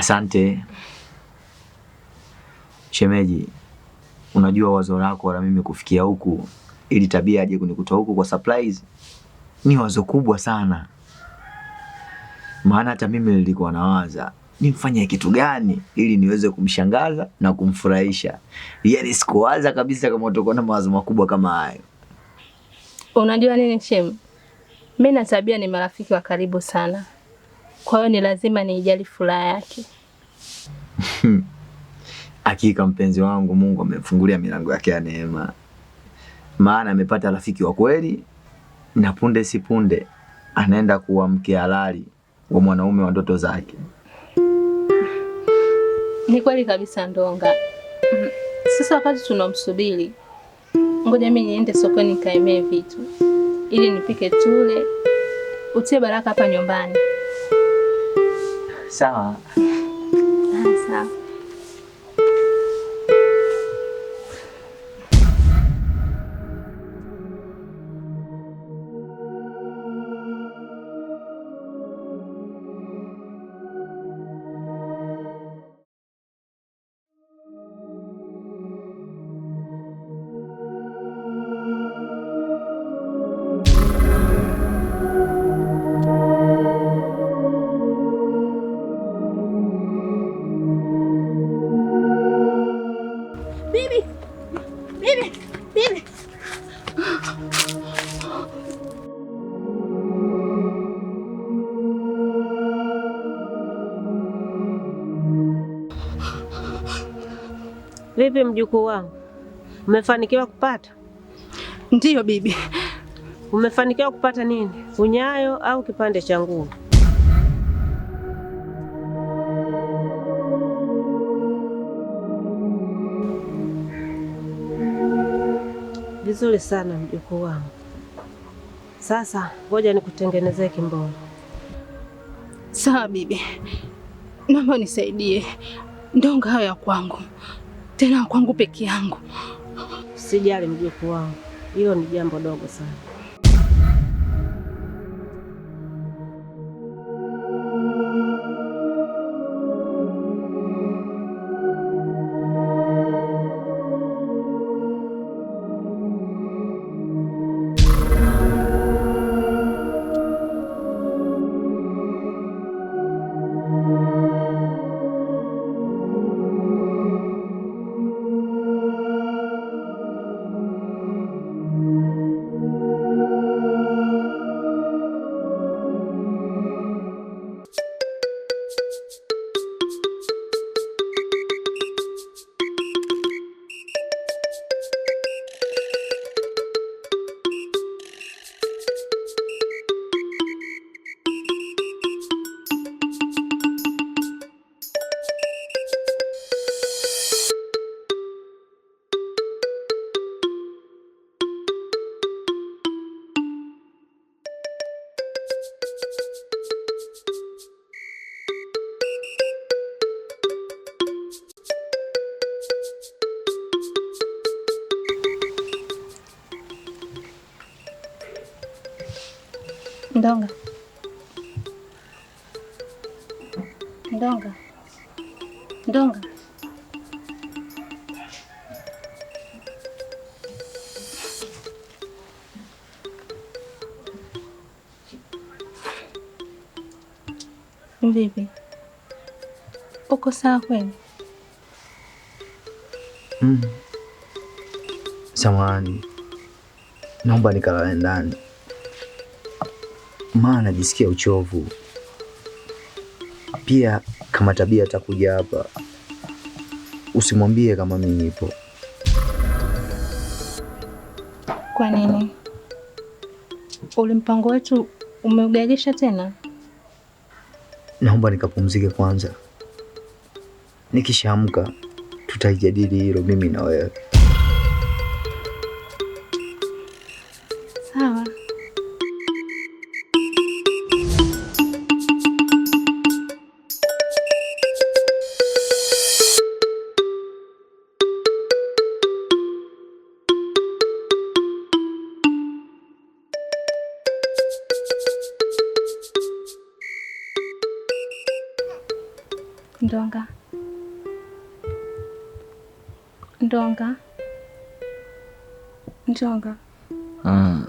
Asante shemeji, unajua wazo lako la mimi kufikia huku ili Tabia aje kunikuta huku kwa surprise ni wazo kubwa sana, maana hata mimi nilikuwa nawaza nimfanye kitu gani ili niweze kumshangaza na kumfurahisha. Yaani sikuwaza kabisa kama utakuwa na mawazo makubwa kama hayo. Unajua nini Shem, mimi na Tabia ni marafiki wa karibu sana. Kwa hiyo ni lazima niijali furaha yake. Hakika mpenzi wangu, Mungu amefungulia milango yake ya neema, maana amepata rafiki wa kweli, na punde si punde anaenda kuwa mke halali wa mwanaume wa ndoto zake. Ni kweli kabisa, Ndonga. Sasa wakati tunamsubiri, ngoja mimi niende sokoni nikaemee vitu ili nipike tule, utie baraka hapa nyumbani. 像啊，下。Vipi mjukuu wangu, umefanikiwa kupata? Ndiyo bibi. Umefanikiwa kupata nini? Unyayo au kipande cha nguo? Vizuri sana mjukuu wangu. Sasa ngoja nikutengenezee kimboro. Sawa bibi, naomba nisaidie ndonga hayo ya kwangu tena kwangu peke yangu. Sijali mjukuu wangu, hilo ni jambo dogo sana. Ndonga, Ndonga, Ndonga, vipi? Uko sawa kweli? Mm. Samahani, naomba nikalale ndani maana najisikia uchovu pia. Kama Tabia atakuja hapa, usimwambie kama mimi nipo. Kwa nini? Ule mpango wetu umeugagisha tena? Naomba nikapumzike kwanza, nikishaamka tutaijadili hilo, mimi na wewe. Ndonga, Ndonga, Ndonga. Mm.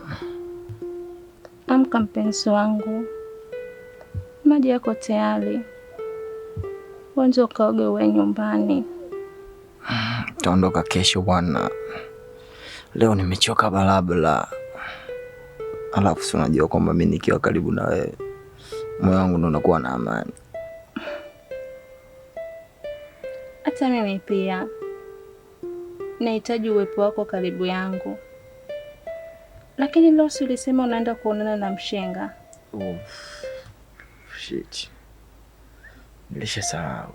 Amka mpenzi wangu, maji yako tayari, wanja ukaoge uwe nyumbani. Taondoka kesho bwana, leo nimechoka balabala. Alafu si unajua kwamba mi nikiwa karibu na wewe moyo wangu ndo unakuwa na amani. Hata mimi pia nahitaji uwepo wako karibu yangu. Lakini leo si ulisema unaenda kuonana na mshenga? Oh, shit. Nilishasahau.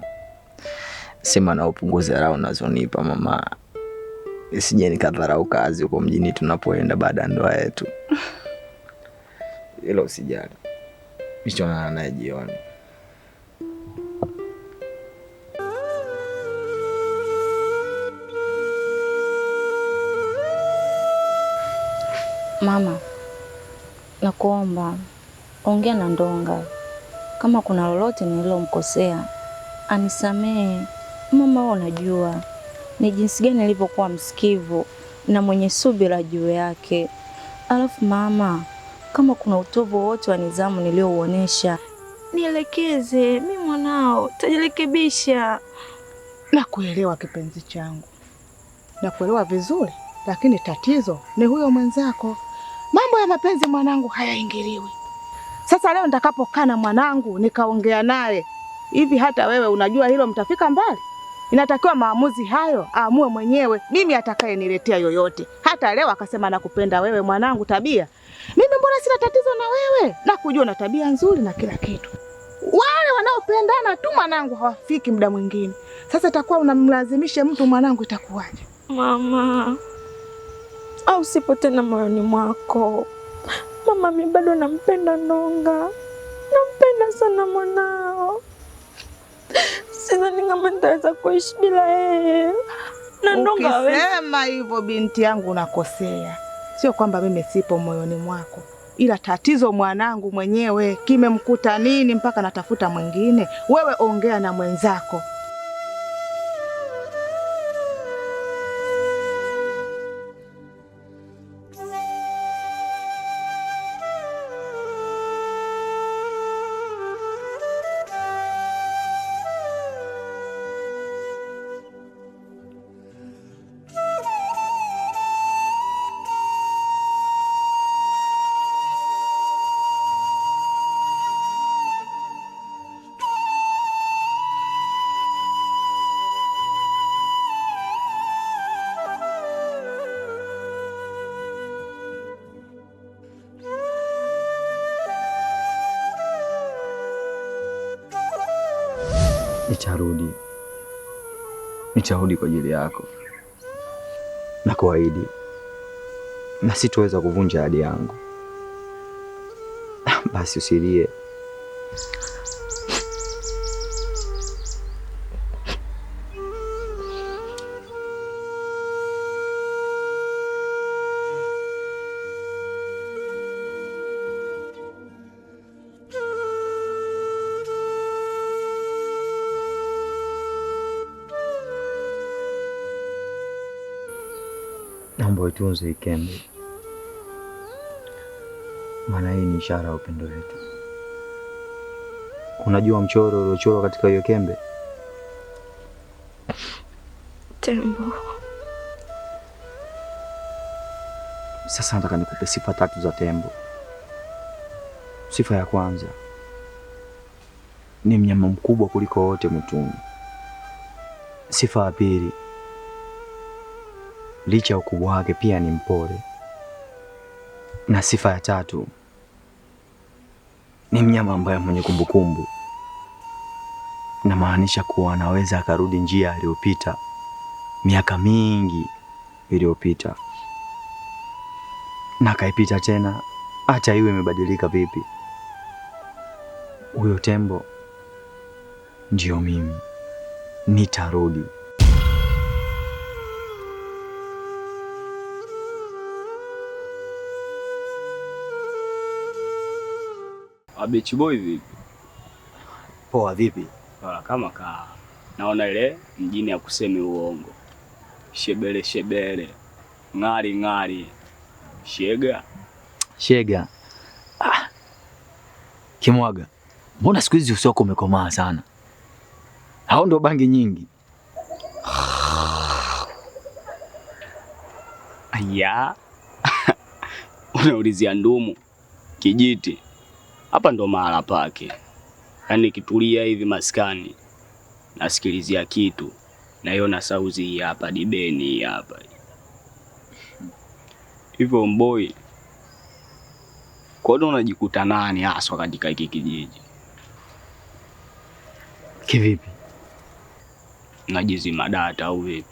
Sema na upunguze dharau unazonipa mama, isije nikadharau kazi huko mjini tunapoenda baada ya ndoa yetu. Ila usijali, mimi naye jioni. Mama, nakuomba ongea na Ndonga, kama kuna lolote nililomkosea anisamehe. Mama, wewe unajua ni jinsi gani nilivyokuwa msikivu na mwenye subira juu yake. Alafu mama, kama kuna utovu wowote wa nidhamu niliyouonesha nielekeze. Mi mwanao tajirekebisha. Nakuelewa kipenzi changu, nakuelewa vizuri, lakini tatizo ni huyo mwenzako. Mambo ya mapenzi mwanangu hayaingiliwi. Sasa leo nitakapokaa na mwanangu nikaongea naye hivi, hata wewe unajua hilo, mtafika mbali. Inatakiwa maamuzi hayo aamue mwenyewe, mimi atakayeniletea yoyote. Hata leo akasema nakupenda wewe mwanangu, tabia mimi, mbona sina tatizo na wewe, nakujua na tabia nzuri na kila kitu. Wale wanaopendana tu mwanangu hawafiki muda mwingine. Sasa itakuwa unamlazimisha mtu mwanangu, itakuwaje mama? au sipo tena moyoni mwako? Mama, mi bado nampenda Ndonga, nampenda sana mwanao. Sidhani kama nitaweza kuishi bila yeye na Ndonga. Ukisema hivyo binti yangu, unakosea. Sio kwamba mimi sipo moyoni mwako, ila tatizo mwanangu mwenyewe kimemkuta nini mpaka natafuta mwingine. Wewe ongea na mwenzako nitarudi, nitarudi kwa ajili yako na kuahidi, na sitoweza kuvunja ahadi yangu. Basi usilie. Naomba uitunze ikembe kembe, maana hii ni ishara ya upendo wetu. Unajua mchoro uliochorwa katika hiyo kembe? Tembo. Sasa nataka nikupe sifa tatu za tembo. Sifa ya kwanza ni mnyama mkubwa kuliko wote mwituni. Sifa ya pili licha ya ukubwa wake pia ni mpole, na sifa ya tatu ni mnyama ambaye mwenye kumbukumbu. Namaanisha kuwa anaweza akarudi njia aliyopita miaka mingi iliyopita na akaipita tena, hata iwe imebadilika vipi. Huyo tembo ndiyo mimi, nitarudi. Ah, beach boy vipi? Poa vipi? Wala kama ka. Naona ile mjini ya kusemi uongo. Shebele shebele. Ng'ari ng'ari. Shega. Shega. Ah. Kimwaga. Mbona siku hizi uso umekomaa sana? Hao ndo bangi nyingi. Aya. Unaulizia ndumu kijiti hapa ndo mahala pake. Yaani nikitulia hivi maskani, nasikilizia kitu, na sauzi hii hapa dibeni, hii hapa hivyo. Mboi, kwani unajikuta nani haswa katika hiki kijiji? Kivipi? Najizima data au vipi?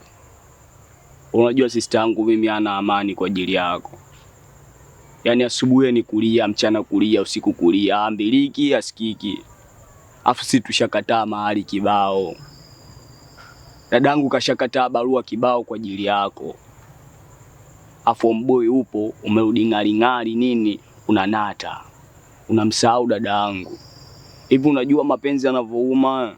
Unajua sista yangu mimi ana amani kwa ajili yako Yaani asubuhi ni kulia, mchana kulia, usiku kulia, ambiliki asikiki. Afu si tushakataa mahali kibao. Dadangu kashakataa barua kibao kwa ajili yako. Afu mboi upo umerudi ng'ali nini, unanata unamsahau dadangu. Hivi unajua mapenzi yanavyouma?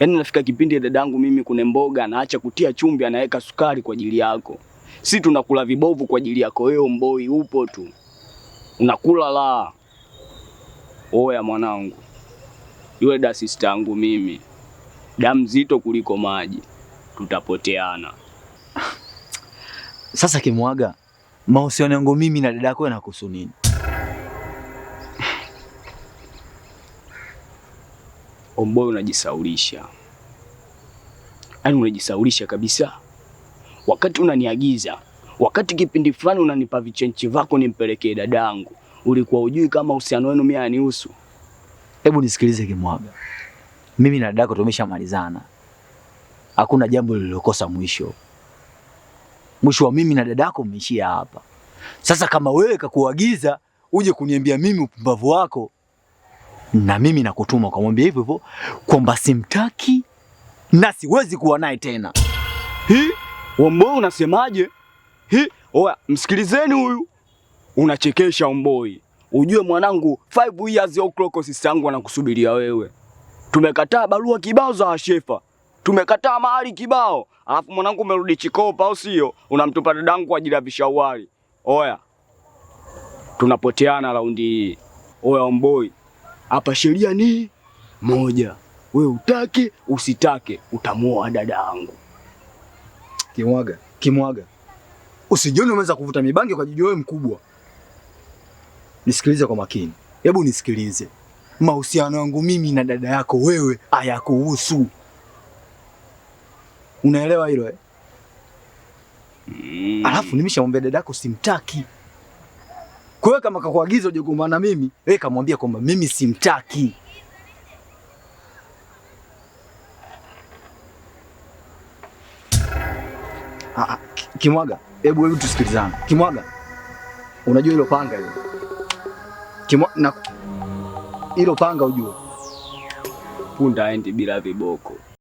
Yaani nafika kipindi dadangu mimi kuna mboga anaacha kutia chumvi anaweka sukari kwa ajili yako. Si tunakula vibovu kwa ajili yako wewe, mboi upo tu unakula la. Oya mwanangu, yule da sister yangu mimi, damu zito kuliko maji, tutapoteana. Sasa kimwaga, mahusiano yangu mimi na dada yako yanakuhusu nini? Omboi, unajisaulisha, yaani unajisaulisha kabisa wakati unaniagiza, wakati kipindi fulani unanipa vichenchi vako nimpelekee dadangu, ulikuwa ujui kama uhusiano wenu mimi hanihusu? Hebu nisikilize Kimwaga, mimi na dadako tumeshamalizana, hakuna jambo lililokosa mwisho. Mwisho wa mimi na dadako umeishia hapa. Sasa kama wewe kakuagiza uje kuniambia mimi upumbavu wako, na mimi nakutuma ukamwambia hivyo hivyo kwamba simtaki na siwezi kuwa naye tena Hii? Wamboi unasemaje? Hi, oya, msikilizeni huyu. Unachekesha Omboi. Ujue mwanangu, 5 years ya ukloko sisi yangu anakusubiria wewe. Tumekataa barua kibao za Ashefa. Tumekataa mahali kibao. Alafu mwanangu umerudi Chikopa au sio? Unamtupa dadangu kwa ajili ya vishawari. Oya. Tunapoteana raundi hii. Oya Omboi. Hapa sheria ni moja. We utake usitake utamuoa dada yangu. Kimwaga, Kimwaga, Usijioni umeweza kuvuta mibangi kwa jiji wewe mkubwa. Nisikilize kwa makini, hebu nisikilize. Mahusiano yangu mimi na dada yako wewe hayakuhusu, unaelewa hilo eh? Mm. Alafu nimeshamwambia dada yako simtaki. Kwa hiyo kama kakuagiza ujagombana na mimi, wewe kamwambia kwamba mimi simtaki. Kimwaga, hebu hebu tusikilizane. Kimwaga, unajua hilo panga hilo Kimwa... na hilo panga ujue punda aendi bila viboko.